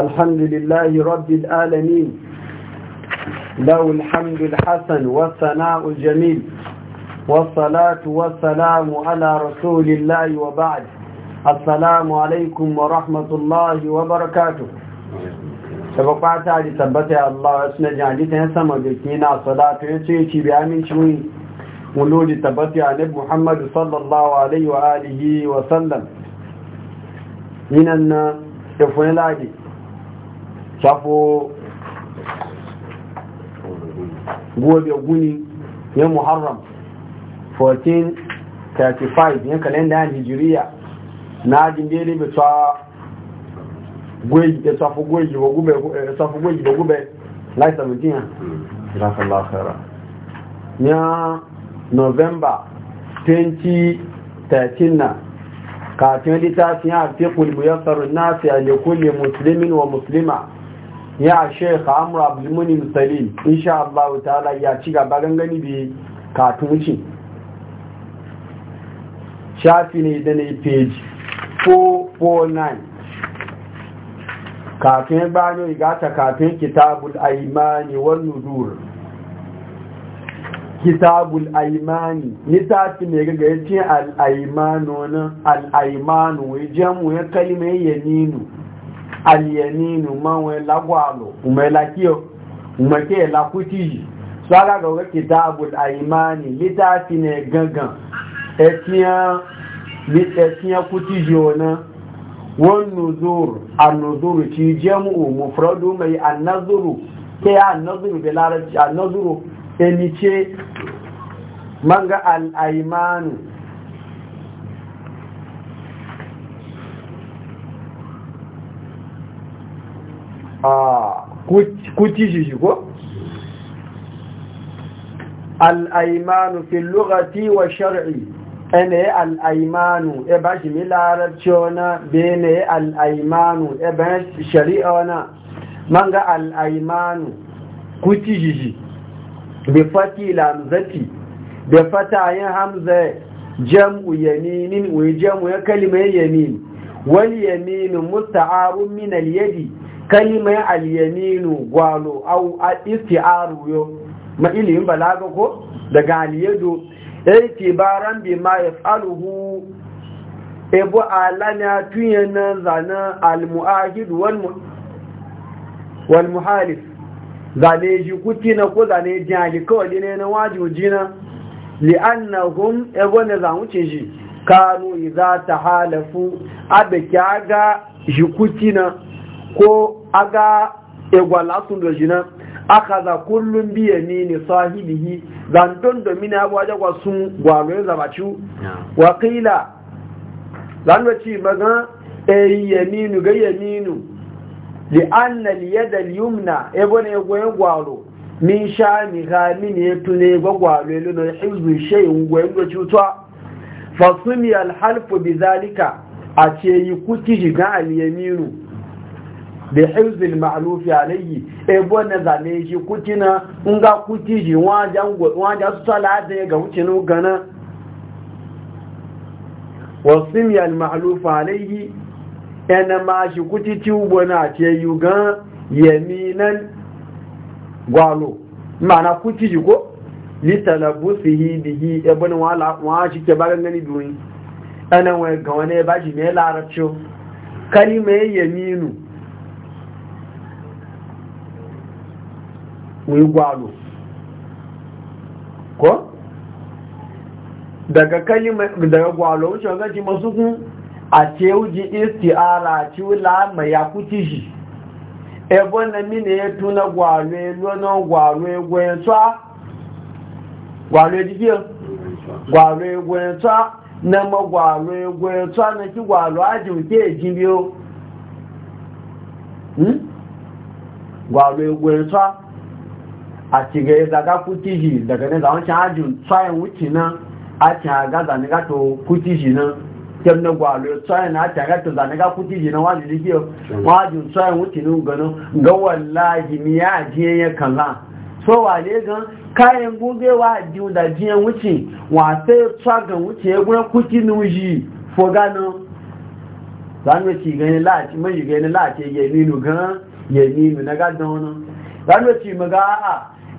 الحمد لله رب العالمين له الحمد الحسن والثناء الجميل والصلاة والسلام على رسول الله وبعد السلام عليكم ورحمة الله وبركاته سبقات علي ثبت الله اسمه جعلت يسمى بكينا صلاة يتيتي بأمين شوي ولود ثبت عن محمد صلى الله عليه وآله وسلم من أن يفعل عليه shafo gobe guni ya muharram 1435 yan kalenda yan hijiriya na ajin daidai bai tsawa gwaji ya safi gwaji ba eh, gube lai 17 rafa lafera ya november 2013 na kafin littafin ya fi kulmuyar tsarin nasi a ne kulle musulmin wa musulma ya sheikh amur abdulmuni musalim insha Allah ta'ala ya ci gaba gangani bi katuci shafi ne da ne page 449 kafin bayan igata kafin kitabul aimani wal nudur kitabul aimani littafi ne ga yace al aimanu nan al aimanu wai jamu ya kalmar yaninu aliyaminu manwai lagwalo kuma lakiyo kuma ke lakuti su aka gaura kitabul aimani littafi ne gangan etiyan kuti jona won nuzuru a nuzuru ci jemu mufradu mai annazuru ke ya annazuru da larabci annazuru emice manga al'aimanu a kuci shi ko aymanu fi lughati wa shar'i ene aymanu e ba ji mi larabci wana bene aymanu e ba shari'a wana man ga al'aimanu kuci shi shi bi fati lamzati bi fatayin hamza jam'u yaminin wa jam'u ya yamin wal yaminu musta'arun min al yadi kalimai alyaminu gwalo au isti'aru yo ma ilimin balaga ko daga aliyado itibaran bi ma yaf'aluhu ebu alana yana zana almuahid wal muhalif zane ji na ko zane ji aji kawai ne na wajojina li'annahum ebu na zamu ce shi kanu idza tahalafu abekaga ga na ko aga egwala sun da jina aka za kullum biya ne ne sahibihi zandon domina ya gwaje kwa sun gwalo ya zabacu wakila zan ce maga eyi yaminu ga yaminu li annal yada liyumna ebo ne gwaye gwaro, min sha ni ha min ya tune gwa gwaro ilu na hizu shayin gwaye gwa cutuwa fasumi alhalfu bi zalika a ce yi kuki shiga al yaminu da hizbin ma'arufi alayhi ebo na zane shi kutina in ga kuti shi wajen su talata ya ga wucinu gana wasu miyar ma'arufi alayhi yana ma shi kuti tubo na ce yi gan yaminan gwalo mana kuti shi ko litalabusihi bihi ebo na wa shi ke bagan gani duni ɗanan wai ga wani ba shi mai larabci kalimai yaminu wai gwalo ko daga kalima daga gwalo wuce ganci masu kun a ce wuji isti'ara ci wula mai ya kuci shi ebe na mini ya tuna gwalo ya lona gwalo ya gwayen tsa gwalo ya jikiyar gwalo ya gwayen tsa na ma gwalo ya gwayen tsa na ki gwalo ajin ke ji biyo hmm? gwalo ya gwayen tsa a ciga ya zaga kutiji daga ne zawon can ajin tsayin wuce nan a can ga zane ga to kutiji nan kyan na gwalo tsayin a can ga to zane ga kutiji nan wani jiki wajin tsayin wuce nan ganin ga wallahi mi ya ajiye ya kaza so wale gan kayan gogewa diu da jiyan wuce wasa ya tsaga wuce ya gwen kuti nuji fogano zanuwa ci gani lati mai gani lati ya ninu gan ya ninu na gadon wani zanuwa ci maga a'a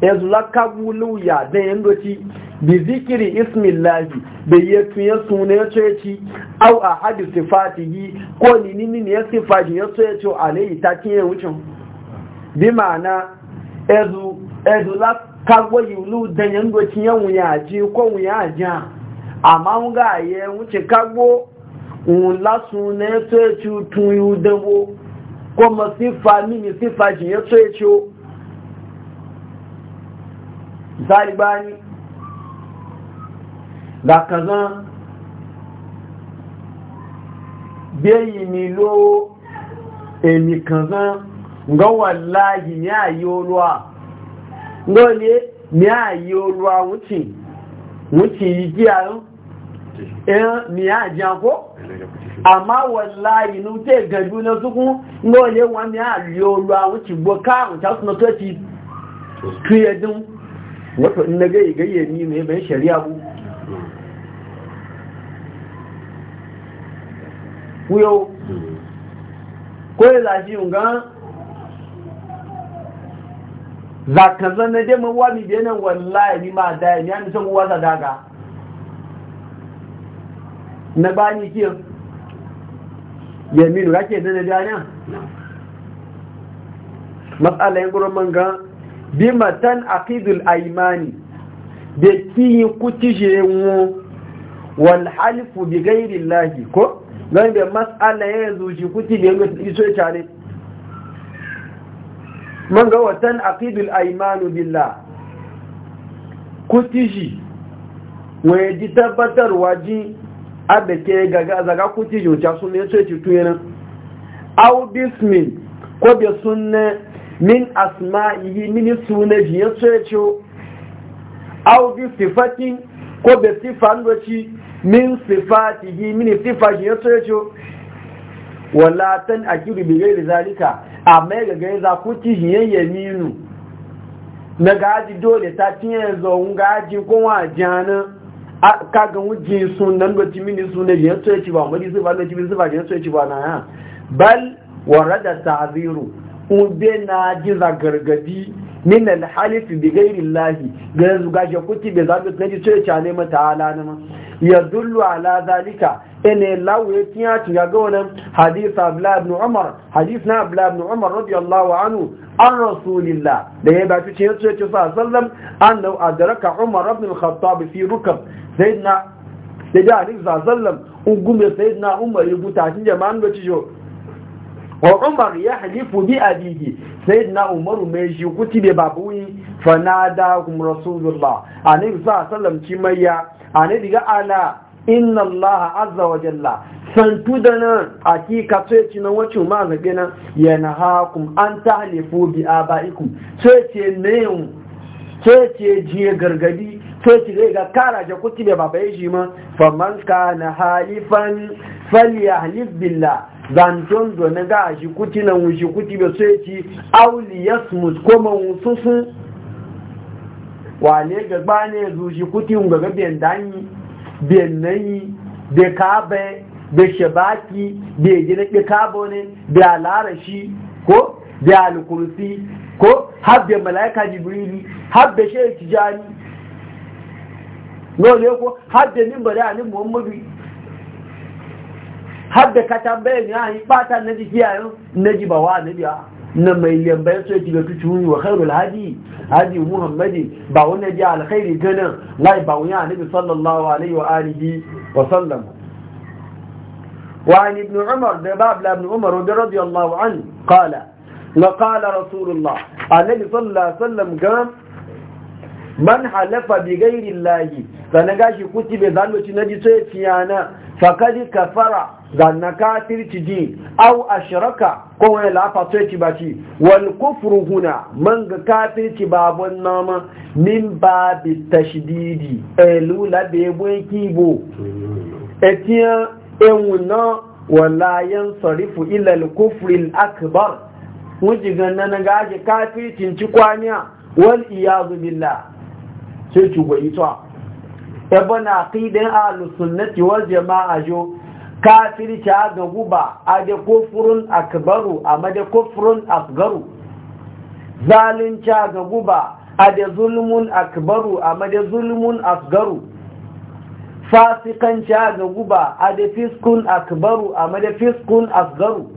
yanzu lakabu luya da doci bi zikiri ismillahi da ya tuye suna ya ce ci au a hadi yi ko ni ni ya sifati ya ce ce yi ta kiyar wucin bi ma'ana yanzu yanzu lakabu yulu da yandoci ya wuya ji ko wuya ji ma mun ga ya wuce kagbo un lasu na ya ce ci tun yu dabo ko masifa mini sifa ji ya ce ce misali bani ga kazan beyi mi lo emi kazan nga wallahi ni ayi olua nga ne ni ayi olua wuce wuce yi ji arun ẹn ni a jẹ́ kó àmá wallahi ní tẹ́ gẹ̀ẹ́gbẹ́ ní sókún ní olè wọn ni a lè olua wuce gbọ́ káàrùn tásùnà tó ti kí wato in na gai gayyami mai bayan shari'a bu kuyo ko ya zafi yunga za ka na dai mun wani biyan nan wallahi ni ma da ni an san za daga na bani kiyan yamin rake da da dana mas'ala yin gurin gan. bí matan aqidul aimani da kiyi kutije mu wal halifu bi ghairi llahi ko dan da mas'ala ya zuci kuti da yanzu iso tare man ga watan aqidul aimanu billah kutiji waye ji tabbatarwa ji abeke gaga zaga kutiji wuce sun ne sai ci tuyenan aw bismin ko bi sunna min asma'ihi min sunaji ya ce aw bi sifatin ko bi sifan doci min sifatihi min sifaji ya ce wala tan akiru bi gairi zalika amma ga gairi za ku ci yayye minu na gaji dole ta tiye zo ngaji ko wa jana ka ga wuji sunan doci min sunaji ya ce ba mu di sifa doci min sifaji ya ce ba na ya bal warada ta'ziru ube na jiza gargadi min alhalifi bi gairi lahi ga zuga shi kuki bai zaɓi na ji cewa cale mata ala na ma ya dullu ala zalika ene lawo ya tiya ci ga ga wannan hadith abla ibn umar hadith na abla ibn umar radiyallahu anhu an rasulillah da ya ba ci ce ce sa sallam an law adraka umar ibn al-khattab fi rukab sayyidina da da alif sallam ugume sayyidina umar ya buta shi jama'an da ci jo wa umar ya halifu bi abihi sai na umaru mai shi kuti bai babuyi fanada kuma rasulullah annabi a sallam ci mayya ne ga ala inna allaha azza wa jalla santu da nan a ka sai ci nan wacin ma zabe nan yana hakun an halifu bi abaikum sai ce ne sai ce jiye gargadi sai ce zai ga kara ja kuti bai babaye shi ma faman na halifan falyahlif billah do zone ga shi kuti na wushi kuti ba sai ci auli ya smus koma gaba ne zu shi kuti ga ga biyan danyi biyan nayi da kaba da shabaki da gina ɗi kaba ne da alarashi ko da alkursi ko habbe malaika jibrili habbe ci tijani no ne ko habbe min bari alim muhammadu habbe katambe kata bayan ya yi bata na jiki ba wa na biya na mai lambayar so ti ga tuci wa khairul hadi hadi muhammadi ba wona ji al khairi gana lai ba wani annabi sallallahu alaihi wa alihi wa sallam wa an ibn umar da bab la ibn umar radiyallahu an qala la qala rasulullah alaihi sallallahu alaihi wasallam ga man halafa bi ghairi allahi sannan gashi kuti bai zaloci na ji sai tiyana fakadi kafara ga na ci ji au ashraka ko wani lafa sai ci baci wal kufru huna man ga ci babon nama min ba babi tashdidi da e be buen kibo etiyan ewuna wala sarifu ila al kufri al akbar na gashi kafir cin ci kwaniya wal iyazu billah sai ci gwayi to ebon na aqidin sunnati wal jama'a jo cha ga guba a da akbaru a kufrun kufurun asgaru cha ga guba a da zulmun akbaru a mada zulmun asgaru cha ga guba a da fiskun akbaru a mada fiskun asgaru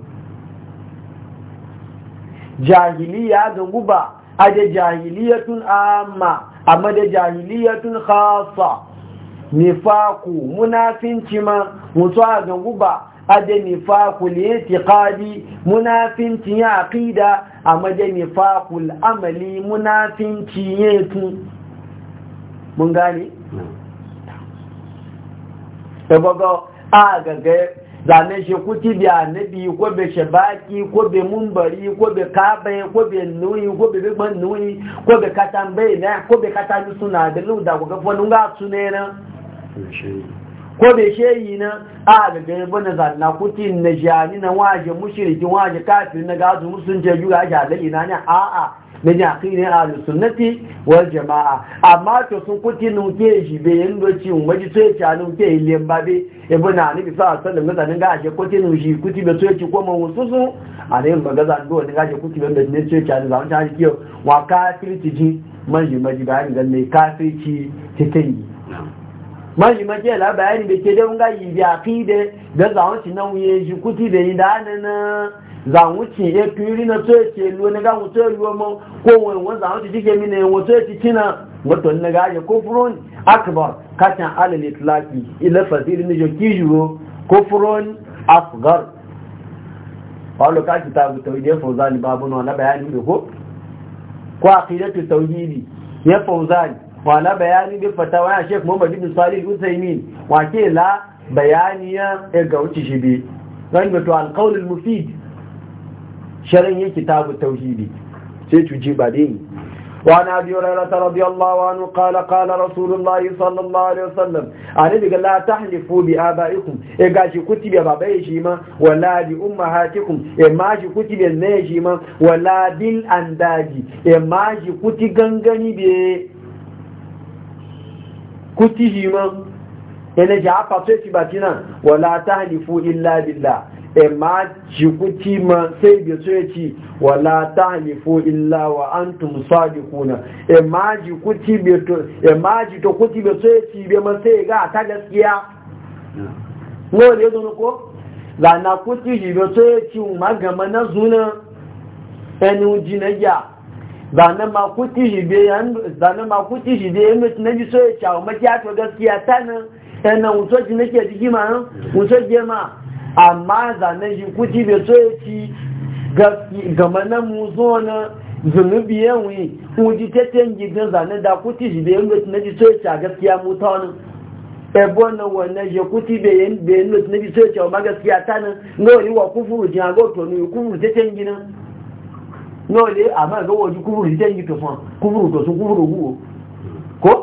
jahiliya ga guba a da jahiliyatun amma a jahiliyatun khassa nifaku munafinci ma mutu a ganguba ade nifaku litiqadi munafinci ya aƙida a maje nifaku amali munafinci ya yetu mun gane tabago a gaga zane shi kuti bi annabi ko be shabaki ko be mumbari ko be kabe ko be nuyi ko be be nuyi ko be katambe na ko be katanu suna da lu da ko ga fonu ga sunena ko da sheyi na a daga yabo na zanna kutin na jani na waje mushrikin waje kafin na gazu musun je yuga ga da ina ne a a na ja kine ahlus sunnati wal jamaa amma to sun kutin nun ke shi be yin doci mun waje sai ta nun ke yin babe yabo na ni bi sa sallan ga zanin ga je kutin nun shi kuti be sai ko mun wususu a ne ba ga zan do ne ga je kuti be ne sai ta zan ta ji wa kafirci ji manji maji bayan ga ne ta titai mashi mace la bayani da ke don gayi bi aqide da zawon shi nan ye shi kuti da yi dana na zawon shi e kiri na to ce lo na ga wuto lo mo ko won won zawon shi dike mine won to ci kina wato na ga ya kufrun akbar katan alal itlaqi ila fadil ni joki juro kufrun asghar wallo ka kitabu tawhid fawzani babun wala bayani ko ko aqidatu tawhidi ya fawzani wala bayani bi fatawa ya Sheikh Muhammad ibn Salih Al-Utsaimin wake la bayani ya ga wuce shi bi dan to al-qawl al-mufid sharin ya kitabu tauhidi sai tuji ba dai أبي هريرة رضي الله عنه قال قال رسول الله صلى الله عليه وسلم أنا قال لا تحلفوا بآبائكم إيقاشي كتب بابيشيما ولا بأمهاتكم إماشي كتب النيشيما ولا بالأنداج إماشي كتب غنغني بيه kutihima ene ma yana ji haka sai wala tahlifu illa billah e ma ji kuti ma sai bi sai ci wala tahlifu illa wa antum sadiquna e ma ji kuti to e ma ji to kuti sai ci bi ma sai ga ta gaskiya no ne don ko la na kuti ji bi sai ci ma na zuna enu jinaja zane ma kuti hibe zanen ma ya mutu na biso ya cawo makiya to gaskiya ta nan yana wutoci nake jiki ma wutoci ma amma zanen shi kuti bai so ya ci gama na mu na zunubi ya wuyi kuji tattiyan gidan zanen da kuti hibe ya mutu na biso ya ca gaskiya mu wani ebo na wannan ya kuti bai yi mutu na biso ya ma ta nan ga wani wa kufuru jina ga otu wani kufuru tattiyan gidan náà lé àmọ́ ìgbówó ojú kúrò ní tẹ́yìn tó fún kúrò tó sún kúrò wúwo kó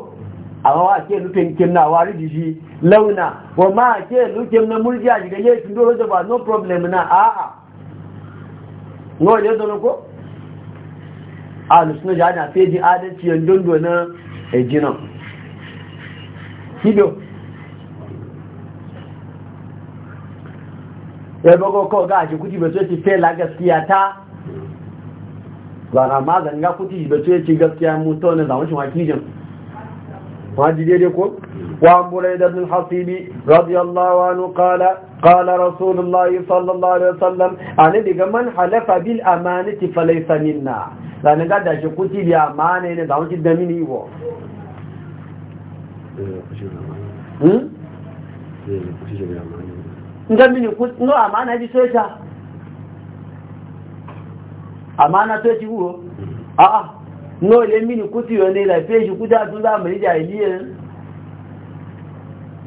àwọn àti èlú kéńkéń náà wá rídì sí lẹ́wìnà wọ́n máa àti èlú kéńkéń náà múrídì àjìgẹ́ yé ìtúndó lójọba no problem náà àà náà lé dọ́nà ba ga maganin ya kuti ba ce ce gaskiya mun tauna zamun shi waji daidai ko wa da bin hasibi radiyallahu anhu qala qala sallallahu alaihi wasallam ani daga man halafa bil amanati falaysa minna dan ga da shi kuti bi amana ne da mini wo hmm? Eh, amana to ci wo ah no le mini kuti yo ne la fe shi kuda tun za mu rija iliye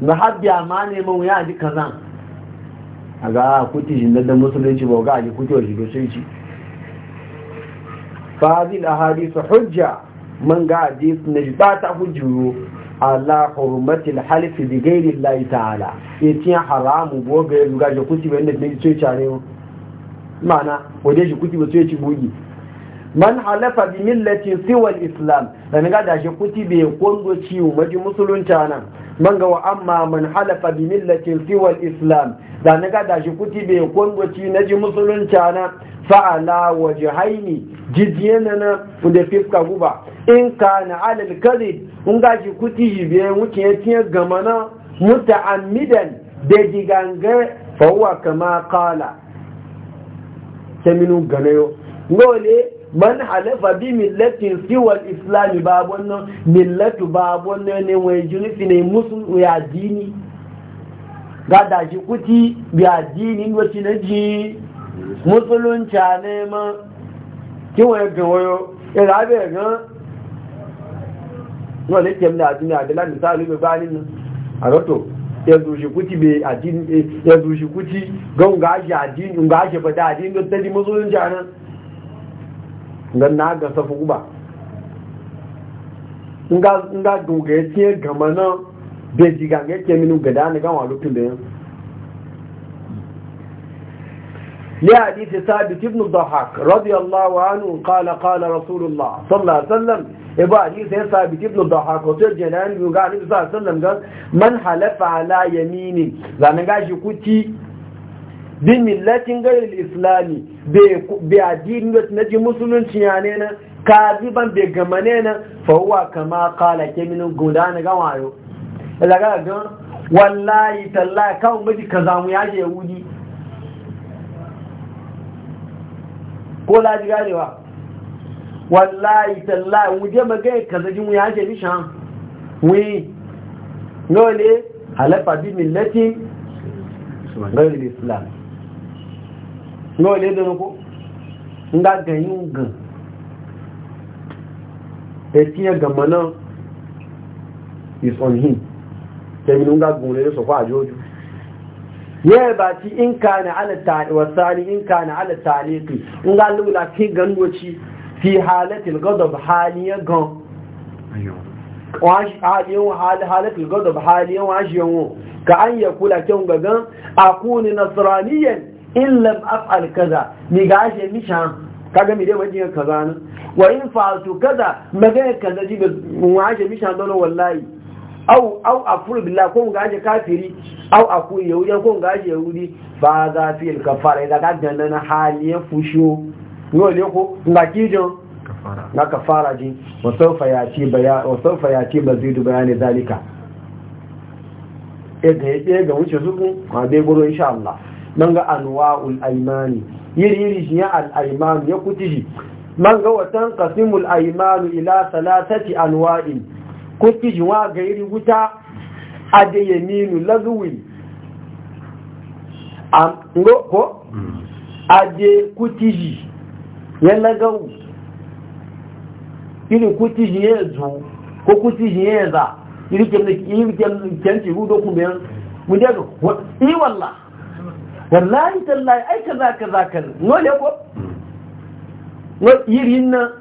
na habbi amane mun ya ji kazan aga kuti shi da musulunci ba ga ji kuti shi ga sai ci fadil ahadith hujja man ga hadith ne ba ta hujju ala hurmatil halif bi ghairi allah ta'ala yace haramu bo ga ga kuti wanda ne sai chare ma'ana waje shi kuti ba su ci bugi man halafa bi millatin siwal islam da ga da shi kuti bai kongo ciwo maji musulunci nan man ga wa amma man halafa bi millatin siwal islam da ga da shi kuti bai kongo ci na ji musulunci nan fa ala wajhaini jidiyana na da fiska guba in kana ala alal un ga shi kuti shi bai wuce ya tiya gamana muta'ammidan da giganga fa huwa kama qala keminu ganayo ngole man halafa bi millatin siwa islami babon nan millatu babon nan ne wai junifi ne musu ya dini gada shi kuti bi addini wacce na ji musulunci ne ma kiwaye gawayo irabe gan wale kemna adini adila misali bai bani nan a rato yanzu shi kuti bai addini eh, yanzu shi kuti ga ungashi addini ungashi fada addini don tali mazolin jana don na ga safi guba in ga dogaye tiye gama nan bai jigan ga yake minu gada na gama lokacin da yanzu لحديث ثابت بن الضحاك رضي الله عنه قال قال رسول الله صلى الله عليه وسلم ابو حديث ثابت بن الضحاك وتر جنان بن قال صلى الله عليه وسلم قال من حلف على يمين زان غاشي كوتي دين ملة غير الاسلامي بيدين نجي مسلمين يعني انا كاذبا بغمننا فهو كما قال كمن غدان غوايو اذا قال والله تالله كان بدي كذا ويا يهودي ko laji ganewa wallahi tallahi wuje magai kaza jin wuya ce nishan wi no halafa bi millati gairu islam no da ko nga ganyin gan etiye gamana is on him tẹ̀mínú ń gá gùn lè sọ̀fà àjọ́jú ya ba ci in ka na ala ta'i wa sani in ka na ala taliqi in ga la ki ci fi halatil ghadab haliya gan haliyan hal halatil ghadab haliyan wajiyan ka an yakula ga gan akuni nasraniyan in lam af'al kaza Mi ni gashe mishan kaga mi dai waje kaza nan wa in fa'altu kaza magana kaza ji ba mi shan dole wallahi au au afur billah ko ga aje kafiri au aku yahudi ko ga aje yahudi ba za fi kafara idan ka danna na hali ya fusho yo ne ko na kijo na kafara ji wa sawfa yati bayan wa sawfa yati mazidu bayan zalika yadda ya ɗaya ga wuce zuku ma dai goro insha Allah nan ga anwa'ul aimani yiri yiri shi ya al-aimanu ya kutiji shi man ga watan qasimul aimanu ila salasati anwa'in ko kiji wa iri wuta a da ninu lazuwi a ko a da kutiji ya lagawu iri kutiji ya zo ko kutiji ya za iri kyanci rudo kuma yan mudiyaga yi walla wallahi tallahi ai kaza kaza kaza nole ko no irin nan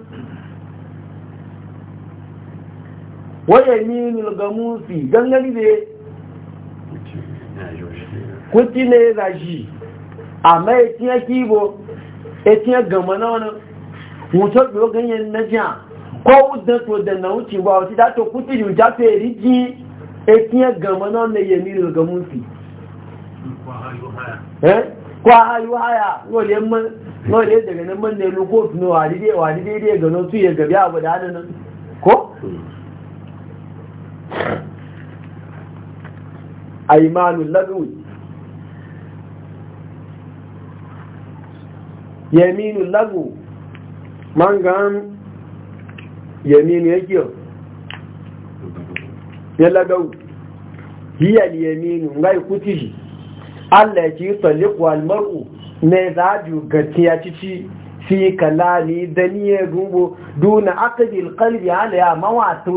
waya minul gamusi gangani ne kuti ne za shi amma ya tiya kibo ya tiya gama na wani wutar biyo ganyen na jiya ko wudan to da na wuce wasu da to kuti yi wuta to ya riki ya tiya gama na wani ya minul gamusi eh? kwa hayu haya wale man wale daga nan man ne lokofin wa daidai ga da ko aimanul lagawi yaminul lagu mangan yaminu yake ya lagawi hiyar yaminu ngai kuti Allah ya ci yi tsallikwa almaru ne za a ju gaciya cici fi kalami daniye gubo duna aqdil qalbi ala ya mawatu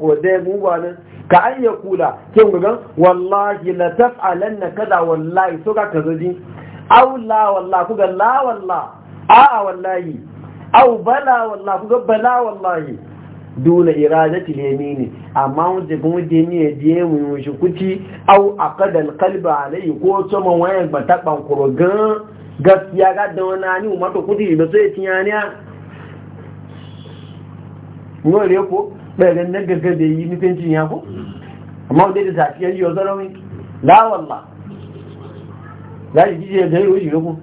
ko da gubo ne ka an ya kula kin gugan wallahi la taf'alanna kaza wallahi so ka kazo ji aw la wallahi ga la wallahi a wallahi aw bala wallahi ga bala wallahi duna iradati lemini amma wanda gode ne je mu shi kuti aw aqdal qalbi alayhi ko to man wayan bataban kurogan gaskiya ga da wani ani kudi da sai tiya ne yau ne ko bayan na gaga da yi mutuncin ya ko amma wadda da safiyar yau zarawi la walla za shi jije da yau shi ko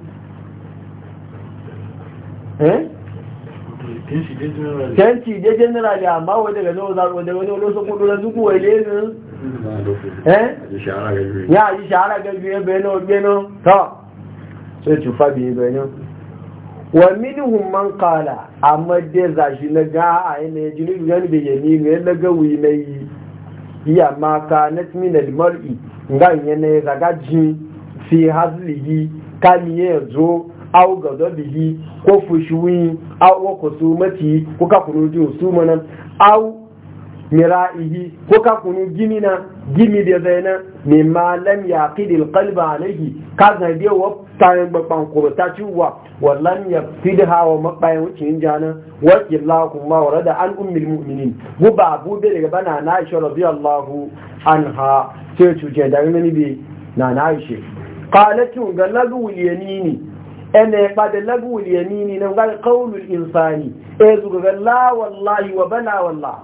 kenci eh? je general ya amma wadda ga zo zaro da wani wani sun na zuku wai ne eh? ya yi shahara ga biyu ya sai cufa biyu ganin wa minhum man qala amma de za shi na ga a yana ya jini gan be yemi ne na ga na yi ya ma na nat min al mar'i ga yana ya zaga ji fi yi kan ya zo aw ga da yi ko fushwi aw wa kusumati ko ka kunu ji usumana aw mira'ihi ko ka kunu gimina gimi da mai malam ya yaqidil qalba alayhi ka ga de wa tayin babban kuma ta ci wa wallan ya fi da hawa mabayan wucin jana wakil lahun wa da an ummil mu'minin ba bu bai daga bana na aisha radiyallahu an ha sai cuce da rinani bi na na aisha qalatu ga yanini ene ya bada lagu yanini nan ga kaulul insani e zu ga la wallahi wa bana wallah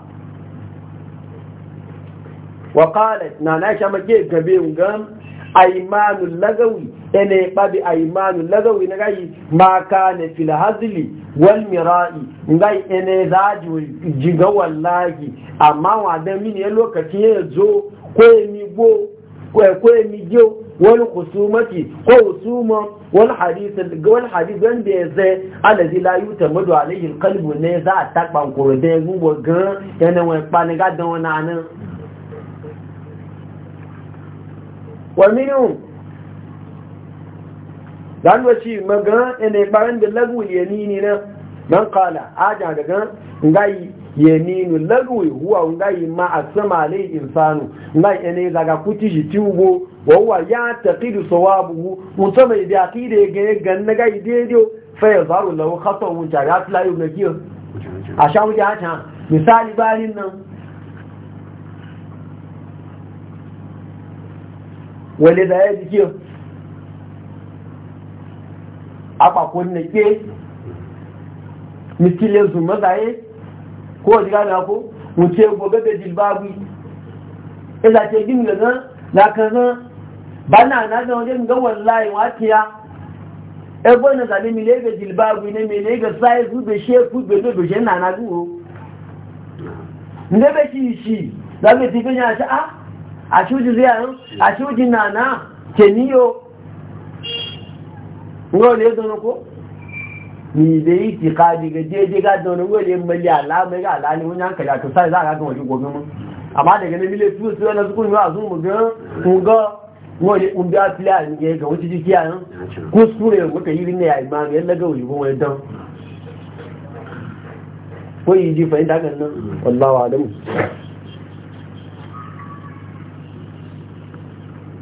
wa qalat na na aisha ke gabe gam aymanul lagawi ene babi aimanu lagawi na gai maka ne filhazili wal mira'i ngai ene zaji jiga wallahi amma dan mini ya lokaci ya zo ko mi go ko mi jo wal khusumati ko husuma wal hadith wal hadith wanda ya zai alladhi la yutamadu alayhi al qalbu ne za a takban ko de gugo gan yana wani pani gadan wani anan wa minhum zan wace magan ina bayan da lagwul yamini na man qala aja daga ngai yaminu lagwi huwa ngai ma asama alai insanu ngai ene daga kuti jitugo wa huwa ya taqidu sawabuhu mutama bi aqide ga ganna gai dedo fa yazaru lahu khatawu mutarat la yunakiyo a sha wuce haka misali bayanin nan wale da ya jikiyo akpakwo na ke misile su mazaye ko ji gane ko mu ce gobe da jilbabu ila e ce gin da nan na kan nan ba na na da wajen ga wallahi wakiya ebo na zabe mi le ga jilbabu ne mi le ga sai su be she ku be do be na na go ndebe ki shi zabe ti ganya sha ah, a a shuji zai a shuji na na ke niyo wani zana ko ni da yi ti kadi ga jeje ga zana wani mali alamai ga alali wani hankali a tusa za a ga wani gobe mun amma daga na mile tuyo tuyo na zukun yawa a nan yi ko yi adamu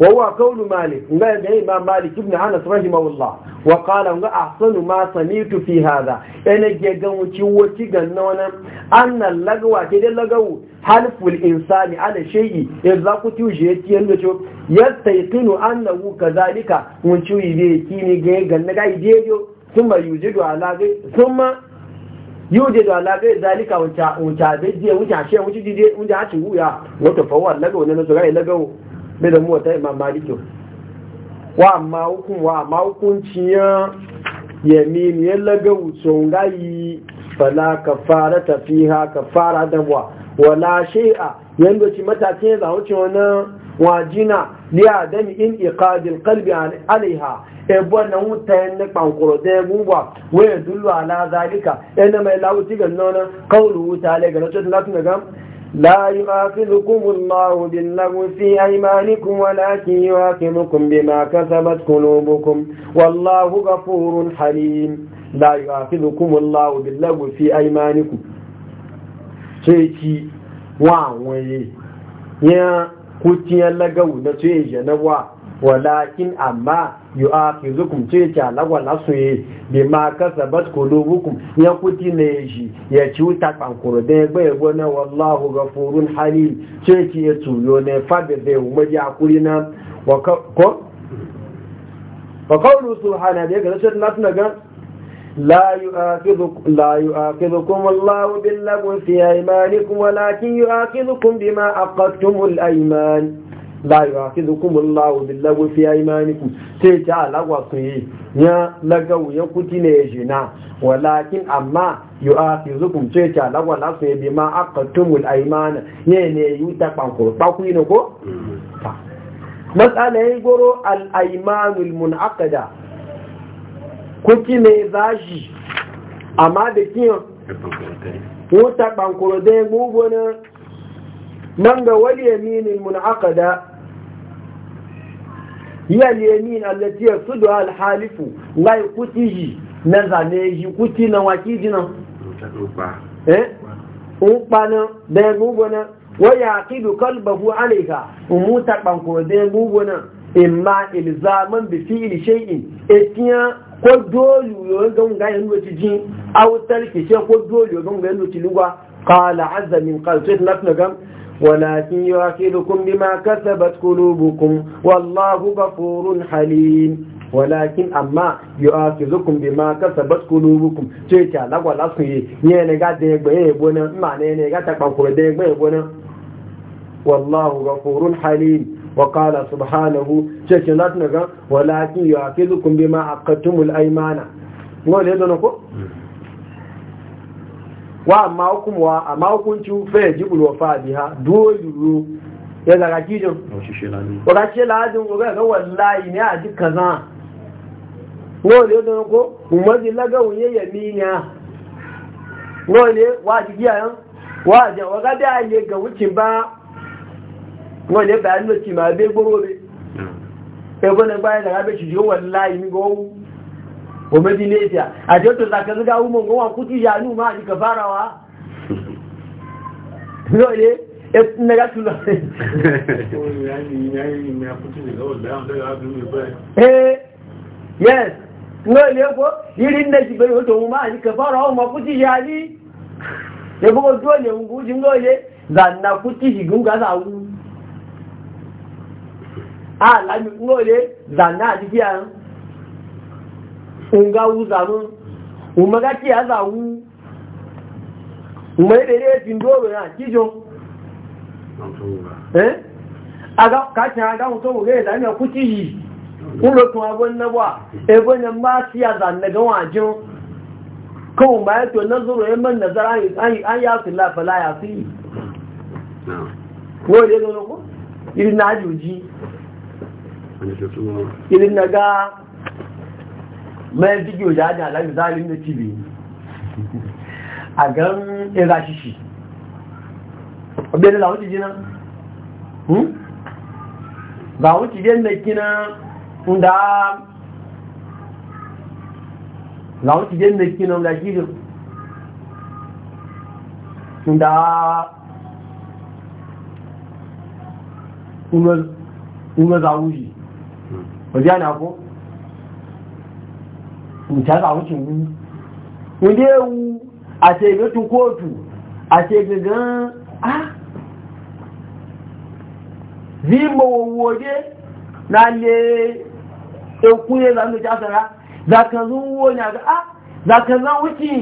وهو قول مالك قال ده إمام مالك ابن أنس رحمه الله وقال أحسن ما سميت في هذا أنا جاكم تشوتي جنونا أن اللغوة كده اللغو حلف الإنسان على شيء إذا كنت وجهتي أنه يستيقن أنه كذلك ونشوي بيكيني جاكم نغاي ديجو ثم يوجد على ثم yóòdè da alábẹ́ ìdálíkà òǹtà àbẹ́ díẹ̀ oúnjẹ àṣẹ oúnjẹ jíjẹ oúnjẹ àti wúyà wọ́n tọ̀fọ́wọ́ alágbẹ̀wò nínú sọ̀rọ̀ ìlẹ́gbẹ̀wò bai da mota imam malikin wa amma hukun wa amma hukunciyan yamin ya laga wucin gayi fala kafara tafiha kafara dabwa wala shay'a yanda ci matakin ya zawo ci wannan wajina ni adam in iqad qalbi alaiha e bona wuta ne pankoro de gungwa we dullu ala zalika ina mai lawuti ga nona qawlu ta'ala ga to tun ga لا يؤاخذكم الله باللغو في أيمانكم ولكن يؤاخذكم بما كسبت قلوبكم والله غفور حليم لا يؤاخذكم الله باللغو في أيمانكم شيء واوي يا كوتيا لغو نتيجة نوا ولكن أما yu'aqizukum ce ta lagwa lasoye bi ma kasabat qulubukum ya kuti ne ji, ya ci ta kankuro da gba ya na wallahu ghafurun halim ce ki ya tuyo ne fa da zai a akuri na wa ko wa qawlu subhana da ga sai na tuna ga لا يؤاخذكم لا يؤاخذكم الله باللغو في ايمانكم ولكن يؤاخذكم بما عقدتم الايمان la yuhafizukum Allahu billahu fi aymanikum sai ta alagwa sun yi ya lagawu ya kuti ne ya jina walakin amma yuhafizukum sai ta alagwa la su bi ma aqtumul aymana ne ne yu ta panko ba ku ne ko mm-hmm. matsala yi goro al aymanul munaqada kuki ne shi? amma da kiyan wuta bankuro dai mu gona nan ga wal yaminul munaqada hiya liyamin allati yasudu alhalifu halifu ngai kutiji na zaneji kuti na wakiji na eh upa na da gugu na wa yaqidu qalbahu alayha umuta banko da gugu na imma ilzaman bi fi'li shay'in etiya ko dole yo ga ngai nwo tiji aw tarki ko dole yo ga ngai nwo tiluwa qala azza min qalbi nafna gam ولكن يؤاخذكم بما كسبت قلوبكم والله غفور حليم walakin amma yu'akizukum bima kasabat qulubukum ce ta lagwa lasu ye ne ne ga de gbe e bona ma ne ne ga ta kan de gbe e bona wallahu ghafurun halim wa qala subhanahu ce ce latna ga walakin yu'akizukum bima aqatumul aymana ngole dono ko wa amma hukumwa amma hukuncin fa yajibu wafa biha dole ya zaga kijin wadda ce lahajin wadda ga wallahi ne a duk kaza wani yadda na ko umarzi lagawun ya yami ya wani wa jiki a yan wajen wadda da ya ga wucin ba wani bayan da ci ma bai gboro hmm. e ne ebe na bayan da rabe shi jiyo wallahi ni gowu wa madinatiya a jato za ka zuga umar gowa kuti janu ma a jika farawa dole e, na ga tula eh yes dole ko yirin ne shi bai wato ma a jika farawa ma kuti jani ya bugo dole mun gujin dole zanna kuti shi gunga za wu a lami dole zanna a jikiya nga wuza mun umaga aza wu umai dere fi ndoro na kijo eh aga ka ti aga mu to mu da ni ku ti yi un lo tun abon ebo ne ma si aza ne ga wa ko mu ba to nazuru e man nazara an an ya fi la fala ya fi wo le no ko irin na juji irin na ga mai bidiyo da hajji alamu zalim da a gan ira shishi obere jina kina kina ko mùtàlá àwùjọ wú ilé ewu àti ìgbẹ́tún kóòtù àti ìgbẹ̀gán á bí mo wò dé na lè ekú yẹ lánà ìjà sára zakanzu wò ní àgbà á zakanzan wiki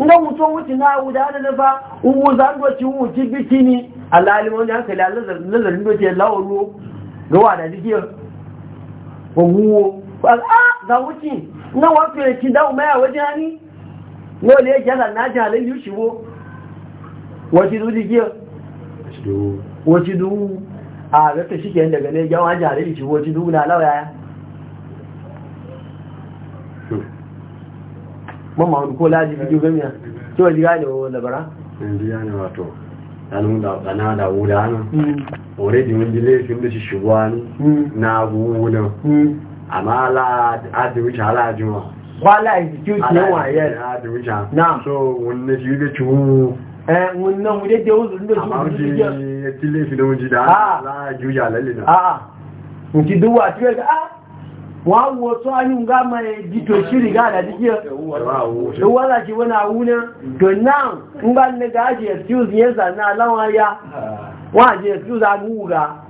ina mutu wuce na wuda da nufa uwu zangoci wuce biki ne alalimin da hankali a nazarin doce lawo ruwa ga wada jikiyar gwagwuwo Ah, ga wuce na wato ya ci dawo maya waje hani na wale yake yana na jihar yi shigo wace duli giya wace duhu a rata shi ke daga ne yawan jihar yi shigo wace duhu na lawaya hmm. mamma wani ko laji fi jirgin ya ce hmm. wa jiga ne wa labara? jiga ne wato ɗanin da ɗana da wuda na hmm. already wani laifin da shi shigo na abubuwa àmá adìríṣà aláàjú wọn wálá ìdíkí òkè wọn ayẹ́ adìríṣà náà so wọn ní ti rígbé tí wọ́n wọn ah. náà mú dédé tí wọ́n ah, tó ayún wọ́n láti wọ́n náà tó náà ń nígbà náà láwọn ah. wọ́n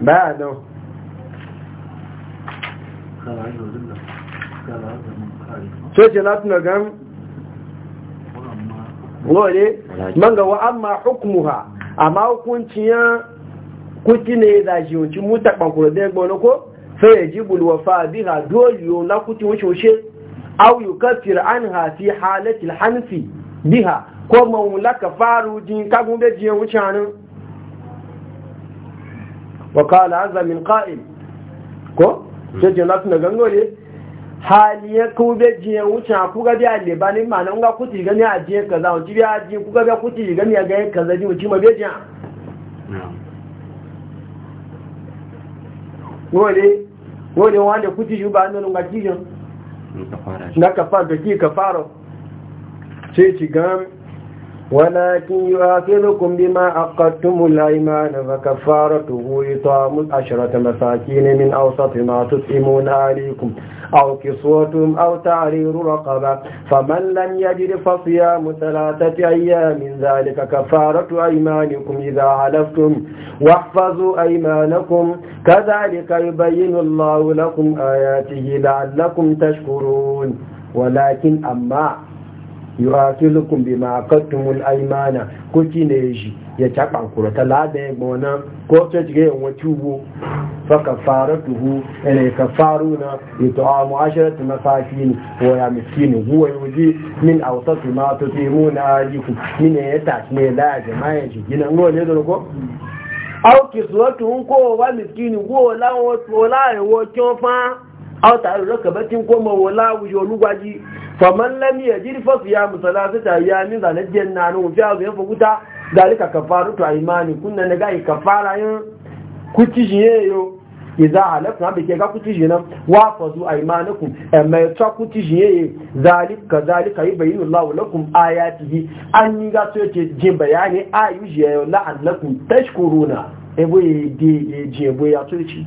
baya da soce latin manga wa amma hukmuha amma hukunciyar kuki ne da shi wuce mutar bankuru da ya gbona ko sai ya ji bulwafa biha dole yau na kuti wuce wuce auyu kafir an hafi halatil hanfi biha ko maulaka faru jin kagun bejiyan wuce hannun wa kala azza min qa'il ko ce hmm. ce lati na gango ne hali ya ku be jiyan wuce ku ga biya a ba ne ma nan ga kuti gani a jiyan kaza wuce biya ji ku ga biya kuti gani a gani kaza ji wuce ma be jiyan wole wole wanda kuti ju ba nan ga jiyan na kafara da ki kafara sai ci gam ولكن يؤاخذكم بما عقدتم الايمان فكفارته اطعام عشرة مساكين من اوسط ما تطعمون عليكم او كسوتهم او تعرير رقبه فمن لم يجد فصيام ثلاثه ايام من ذلك كفاره ايمانكم اذا حلفتم واحفظوا ايمانكم كذلك يبين الله لكم اياته لعلكم تشكرون ولكن اما yu'atilukum bima aqattumul aymana ko kine shi ya taba kura ta lada ya gona ko ta jige yan wata ubo fa kafaratuhu ila kafaruna yut'amu asharatu masakin wa ya miskin huwa yuji min a awsat ma tutimuna ajikum min ya ta ne la jama'a ji gina ngole da ko au kiswatu ko wa miskin ko la wa la wa kyofa aw ta'aru rakabatin ko mawala wujo lugwaji faman lam yajid fa siyam salasata ayamin da na janna no fi azu ya fuguta dalika kafaru to imani kunna na gai kafara yin kuci jiyeyo idza halaktum abi ke ga kuci jina wa fazu aymanakum amma ta kuci jiye zalika zalika yubayinu Allahu lakum ayatihi an yi ga so ce jin bayani ayu jiyeyo la'allakum tashkuruna ebo ye de je bo ya tuci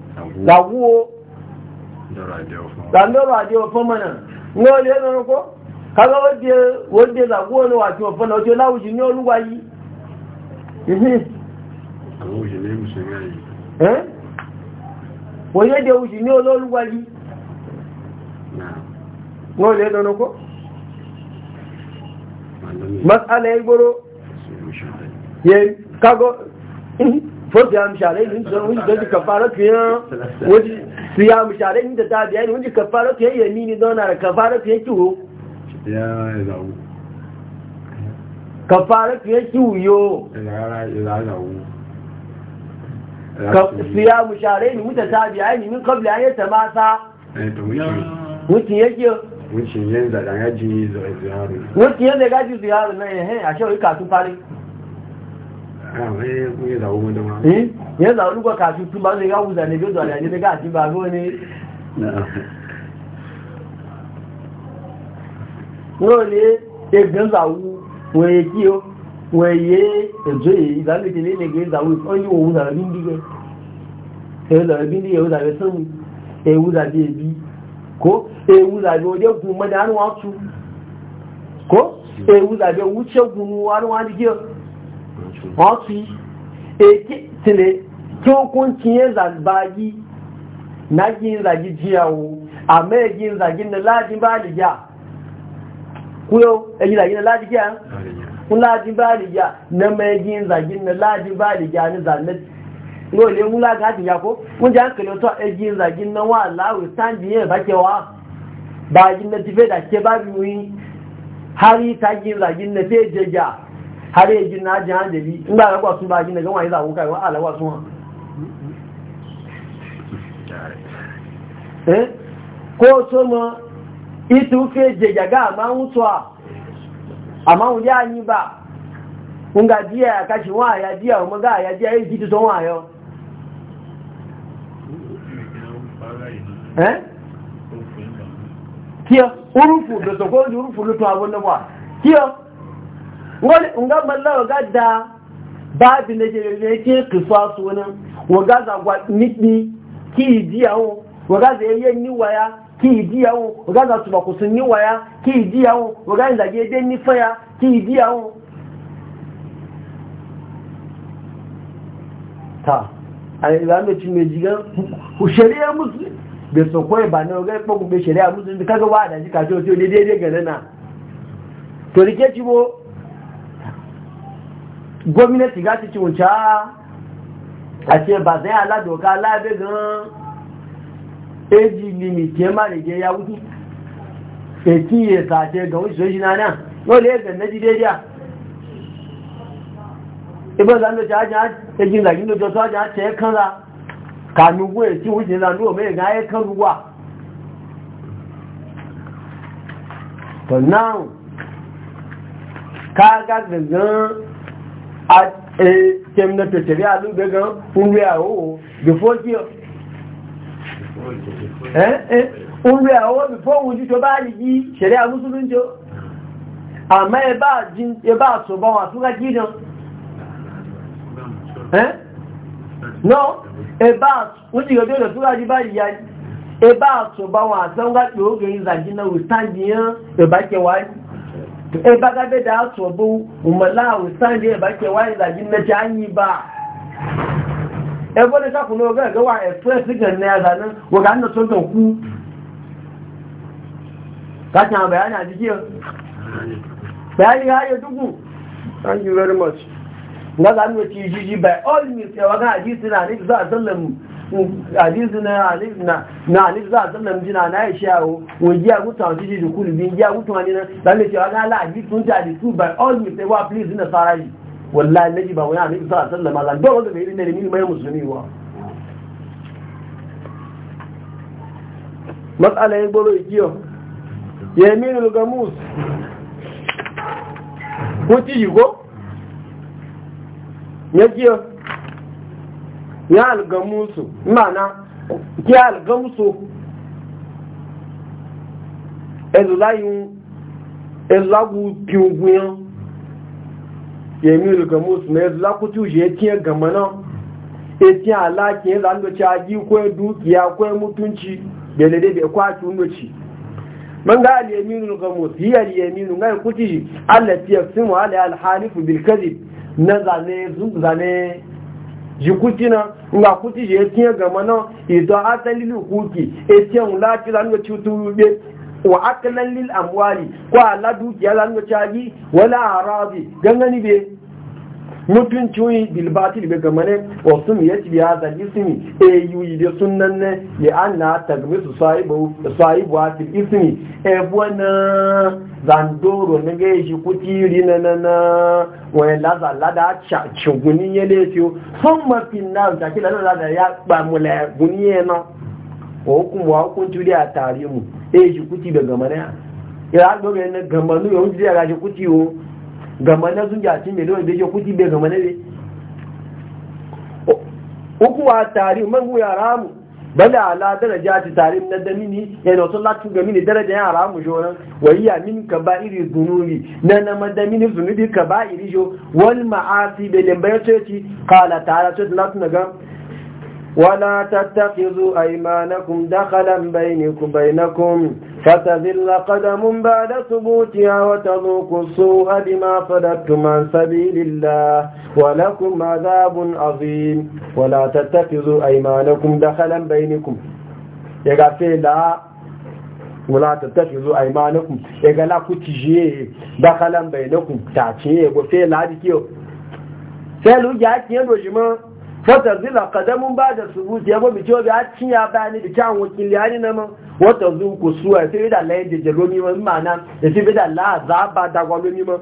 zaguwo dandoro adi ofin mana ní olè ẹnu kó kaga wọ́dé zaguwo ní wàtí náà láwùjì ní olúwa yìí masala igboro kago fọ́tí ya mìṣàlẹ́ ìlú ìjọdí kàfàrọ́ tí yán wọ́dí tí ya mìṣàlẹ́ ní tàtà àbíyá ní wọ́dí kàfàrọ́ tí yán yẹ̀ ní dánà rẹ̀ kàfàrọ́ tí yán kí wo ya mìṣàlẹ́ ní tàtà Eh, yẹn làwọn olùkọ́ kàtú tún bá ń lè ká wùsà ní ìjọ́dọ̀ àdáyé ní káàtí bá gbọ́ ní náà lè ẹgbẹ́ ìzàwú wọ́n yẹ kí o wọ́n yẹ ẹ̀jọ́ yìí ìdánilẹ̀ lè gẹ́ ìzàwú ó ní òun wọ́n fi èké tilẹ̀ tí ó kún tí yẹn zàgbà yìí na yin zagi jiyawo àmọ́ ẹ̀yìn zagi na láti bá lè yá kúyó ẹ̀yìn zagi na láti yá kún láti bá lè yá na mẹ́yìn zagi na láti bá lè yá ní zanẹ́tì yóò lè mú láti yá kó wọ́n jẹ́ àkẹlẹ̀ tó ẹ̀yìn zagi na wà láwẹ̀ sáǹdì yẹn bá kẹ bá yìí na ti fẹ́ dà bá wí harí ta yin zagi jẹjà har yi jin na ji hanjali in ba ragwa sun ba gina gan waye za ku kai wa sun ha eh ko so mo itu fe je jaga ma un a ama un ya ni ba un ga dia ka shi wa ya dia o ga ya dia yi ti to wa yo eh kia urufu do so ko urufu lu to abun kia nga malla waga da babi na jirage ke kisa sunan waga zagwa niki ki jiyawo waga zayayyen niwaya ki jiyawo waga za su bakusun niwaya ki jiyawo waga yin zage den nifaya ki jiyawo ta a yi zame ci mai jigan shari'a musulun da su kawai ba na waga ikpogbo shari'a musulun da kaga wa da jika ce wasu daidai ga nana to rike ci bo Gominati ga ci wuce a ce ba zai ala doka labe gan eji limite marige ya wuce eki ya sace ga wuce shi na nan wale ya ganna ji daidai ibo e zan da jaji ta e jin zagin da jotu ajiya ce ya kanza kanu gwa ya e ci wuce na nuwa mai ga ya kan ruwa to now ka ga gangan a kem e, na tattari a lube unwe um a owo before ki eh eh unwe a owo before wuji to ba yi shere a musulun jo amma e ba jin um e ba so ba wa suka ki don eh no e ba wuji ga dole suka ji ba yi ya e ba so ba wa san ga ki o ga yin na withstand yan e ba ke wani e ba da aso bu umala usan je ba ke wai da na janyi ba e bone ka kuno ga ga express ga ne ya zanin wa ga na ga ku ka ta bayani a jiki bayani ga ya dugu thank you very much na zanin ci jiji by all means ya wa ga hadisi na ne za a sallamu hadisi na alif na na alif za a sallam jina na ya shawo wa jiya gutu a jiji dukulu bin giya gutu wani nan dan da cewa na la'aji sun ta da su by all means say wa please na saraji wallahi naji ba wani alif za a sallam Allah don wanda bai rinna da ni mai musulmi wa matsala ya gboro ikiyo ya minu ga mus ko ti ko? ya kiyo ya algamusu mana ki algamusu ezulayun ezagu piunguyan yemi algamusu na ezaku ti uje ti e gama na eti ala ki e zando ci aji ko dukiya ko mutunci belede be kwa tundoci man ga al-yaminu al-ghamus hiya al-yaminu ngai kuti allati yaqsimu ala e al-halif bil kadhib na zane zane jikuti na nga kuti je tiye gama na ito asali lukuki etiye wula ci zanuwa cutu wa akalan lil amwali ko ala dukiya zanuwa caji wala arabi gangani be mutuncin bilbatil bai gamane wasu mu yaci biya zagi ismi e yi da sunan ne ya an na tagmi su sahibu atil ismi e buwana zandoro na ga shi kutiri na na na wani laza lada caguni ya lefiyo sun mafi na zaki lada lada ya kpamula guni ya na wa hukumu wa hukunci da a tare mu e shi kuti da gamane ya ɗoga na gamanu ya hunci da ya gashi kuti o gama na zujaci miliyan da ya kuti bai gama na ne uku wa tari man guya ramu bala ala daraja ta tari na damini na sun latu ga mini daraja ya ramu Wai wayya min ka ba iri zunubi na na madamini zunubi ka ba iri jo Wani ma'asi bai lambayar ce ci kala tara ce latu na gan ولا تتخذوا أيمانكم دخلا بينكم بينكم فتذل قدم بعد ثبوتها وتذوق السوء بما فددتم عن سبيل الله ولكم عذاب عظيم ولا تتخذوا أيمانكم دخلا بينكم يقفي لا ولا تتخذوا أيمانكم يقلا كتجيه دخلا بينكم تعطيه وفي لا ديكيو سألوا جاكي يدوجمان fatar zila kadamun ba da subuti ya gobe cewa ya cinya bayani da kyan wakili ya nina man wata zuku suwa ya sai da layin da jeromi man ma'ana da sai da la zaba da gwalomi man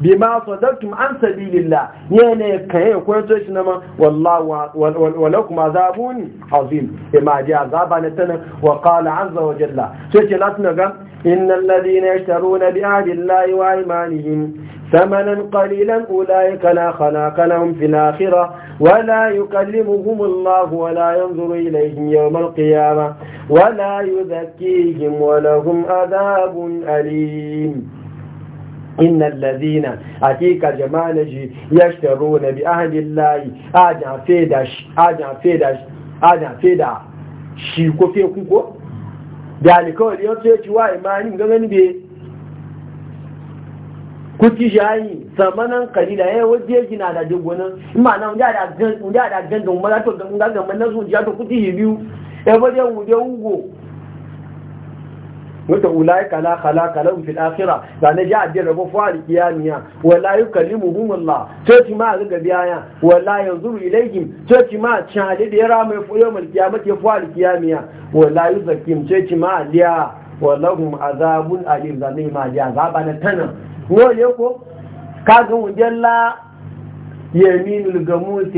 bi ma sadartum an sabilillah yana kai ya kwanto shi na man wallahu a azabun azim e ma ji azaba na tana wa qala an wa jalla sai ce na ga إن الذين يشترون بعهد الله وأيمانهم ثمنا قليلا أولئك لا خلاق لهم في الآخرة ولا يكلمهم الله ولا ينظر إليهم يوم القيامة ولا يذكيهم ولهم عذاب أليم إن الذين أتيك جمالجي يشترون بعهد الله أجع فيدش أجع فيدش أجع فيدش شيكو فيكو da alikawar yau sai ci wa imanin gangan be kuci shayi samanan kalila ya wasu ya gina da jigonan ima na wunja da gangan maza to gangan maza su jiya to kuci yi biyu ya wajen wuje ugo wata kala kala kala lahum fi akhira da ne ja ajira fa fari kiyamiya wala yukallimuhum Allah to ti ma ga biya. wala yanzuru ilayhim to ti ma chale da yara mai fuyo mal kiyamati fari kiyamiya wala yuzakim to ti ma liya walahum azabun alim da ne ma ja azaba na tana wole ko kaga wujalla yaminul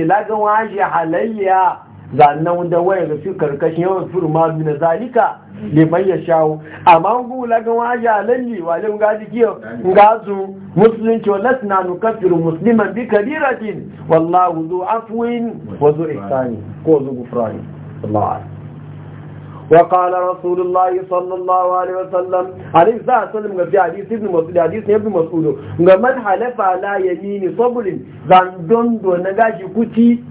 la ga waje halayya zannan da waya ga su karkashin yawan furma bin zalika liman ya shawo amma gula ga waje alalli wajen gaji kiyo gazu musulunci walas na nukafiru musliman bi kabiratin wallahu zo afuwin wa ihsani ko zo gufrani وقال رسول الله صلى الله عليه وسلم عليه الصلاه والسلام في حديث ابن مسعود حديث ابن مسعود من حلف على يمين صبر زان دون دون كوتي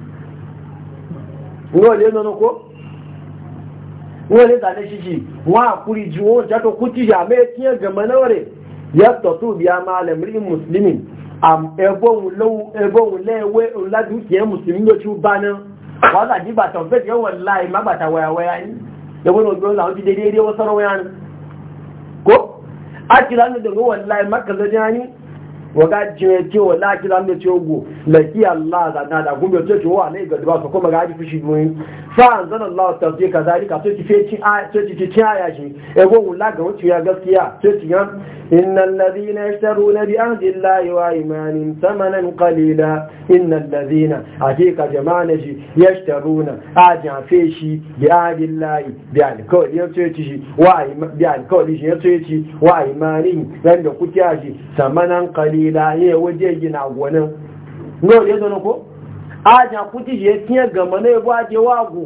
ngo le nono ko wọ́n lè tàbí ṣíṣì wọ́n àkúrí ju ó jẹ́tọ̀ kú ti yà mẹ́ tí yẹn gẹ̀mọ́ rẹ̀ yẹ́tọ̀ tó bí a máa lẹ̀ mìírí mùsùlùmí ẹgbọ́n lẹ́wẹ́ ládùúkìẹ́ mùsùlùmí ló tún bá náà wọ́n tàbí bàtọ̀ fẹ́ waga jiwe ke wa laki zamu ce ogo laki Allah da na da gumbe ce ce wa ne ga duba ko kuma ga ji fushi mu fa anzan Allah tawfiq kazalika to ki feci a to ki ci aya shi e go wala ga wuce ya gaskiya to ki ga innal ladina yashtaruna bi ahdi Allah wa imanin thamanan qalila innal ladina hakika jama'a shi yashtaruna a jafe shi bi ahdi Allah bi alkawli ya ce ci wa bi alkawli shi ya ce ci wa imanin dan da kuke ji thamanan qalila ìlàyé waje gina gonin ngo ya zo ko aja kuti je tí gama ne bo aje wago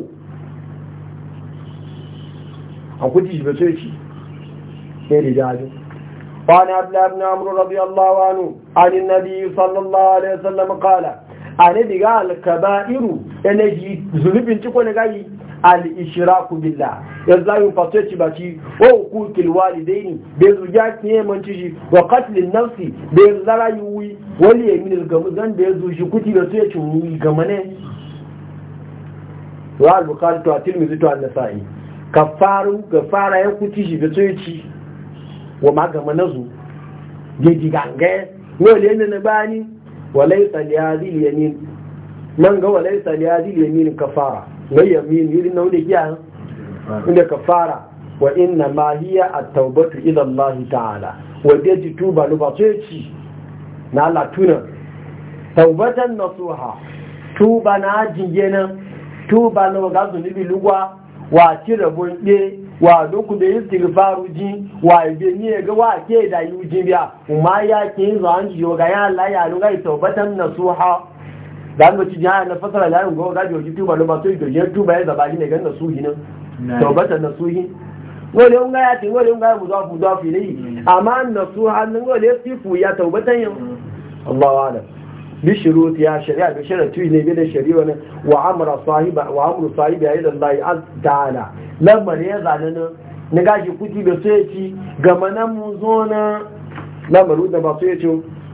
akuti je beto shi sai da jajo قال عبد ní بن عمرو رضي الله عنه عن النبي صلى الله عليه وسلم anabi diga alkaba'iru yanayi zunubin ciko ne gayi ishraku billah yanzu za yi ci ba ci o til walidaini bai zuja ne manci shi wa katlin nafsi be zara yi wuyi wani ya minil gamu zan da ya shi kuti da su ya cin yi gama ne wa al-bukhari to atil mi zito an-nasa'i kafaru kafara ya kuti shi da su ya ci wa ma gama nazu ya gigangaye wani yana na bani walaisa liyazil yamin nan ga walaisa kafara ga yamin yirin nan da kiya inda kafara wa inna ma hiya at-taubatu ila Allah ta'ala wa daji tuba luba ci na Allah tuna taubatan nasuha tuba na jingenan tuba na ga zunubi lugwa wa ci rabon wa duk da istighfaru ji wa ibe ni e ga wa ke da yuji biya kuma ya ke zan ji ga ya Allah ya ruga taubatan nasuha dan mu ci ja na fasara da ngo ga jo ji tuba lo ma sai do je tuba ya e zaba ne ga nasuhi nan taubatan nasuhi wole unga ya ti wole unga mu zafu zafu ne mm. amma nasuha nan wole sifu ya taubatan yau mm. Allahu a'lam بشروط يا شريعة بشرط توي نبي الشريعة وعمر صاحب وعمر صاحب إلى الله تعالى لما يزعلنا نجاش كتير بسيتي جمنا منزونا لما رودنا بسيتي